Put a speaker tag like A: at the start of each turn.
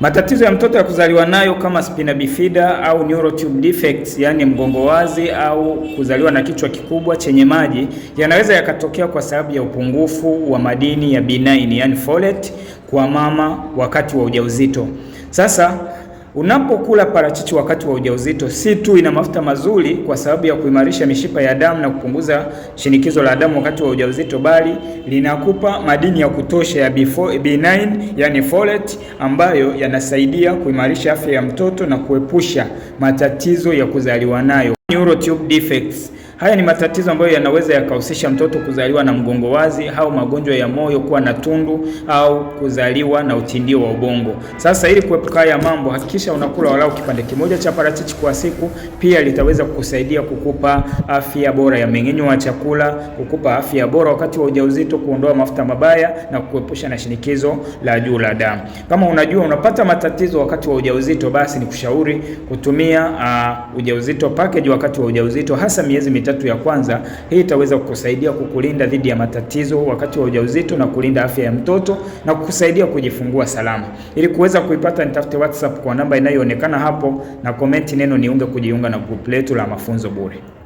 A: Matatizo ya mtoto ya kuzaliwa nayo kama spina bifida au neural tube defects, yaani mgongo wazi au kuzaliwa na kichwa kikubwa chenye maji yanaweza yakatokea kwa sababu ya upungufu wa madini ya benign, yaani folate kwa mama wakati wa ujauzito. Sasa Unapokula parachichi wakati wa ujauzito, si tu ina mafuta mazuri kwa sababu ya kuimarisha mishipa ya damu na kupunguza shinikizo la damu wakati wa ujauzito, bali linakupa madini ya kutosha ya B9, yani folate, ambayo yanasaidia kuimarisha afya ya mtoto na kuepusha matatizo ya kuzaliwa nayo. Neurotube defects. Haya ni matatizo ambayo yanaweza yakahusisha mtoto kuzaliwa na mgongo wazi au magonjwa ya moyo kuwa na tundu au kuzaliwa na utindio wa ubongo. Sasa ili kuepuka haya mambo, hakikisha unakula walau kipande kimoja cha parachichi kwa siku. Pia litaweza kukusaidia kukupa afya bora ya mmeng'enyo wa chakula, kukupa afya bora wakati wa ujauzito, kuondoa mafuta mabaya na kukuepusha na shinikizo la juu la damu. Kama unajua unapata matatizo wakati wa ujauzito, basi nikushauri kutumia uh, ujauzito package wakati wa ujauzito, hasa miezi mitatu ya kwanza. Hii itaweza kukusaidia kukulinda dhidi ya matatizo wakati wa ujauzito na kulinda afya ya mtoto na kukusaidia kujifungua salama. Ili kuweza kuipata, nitafute WhatsApp kwa namba inayoonekana hapo na komenti neno niunge kujiunga na grupu letu la mafunzo bure.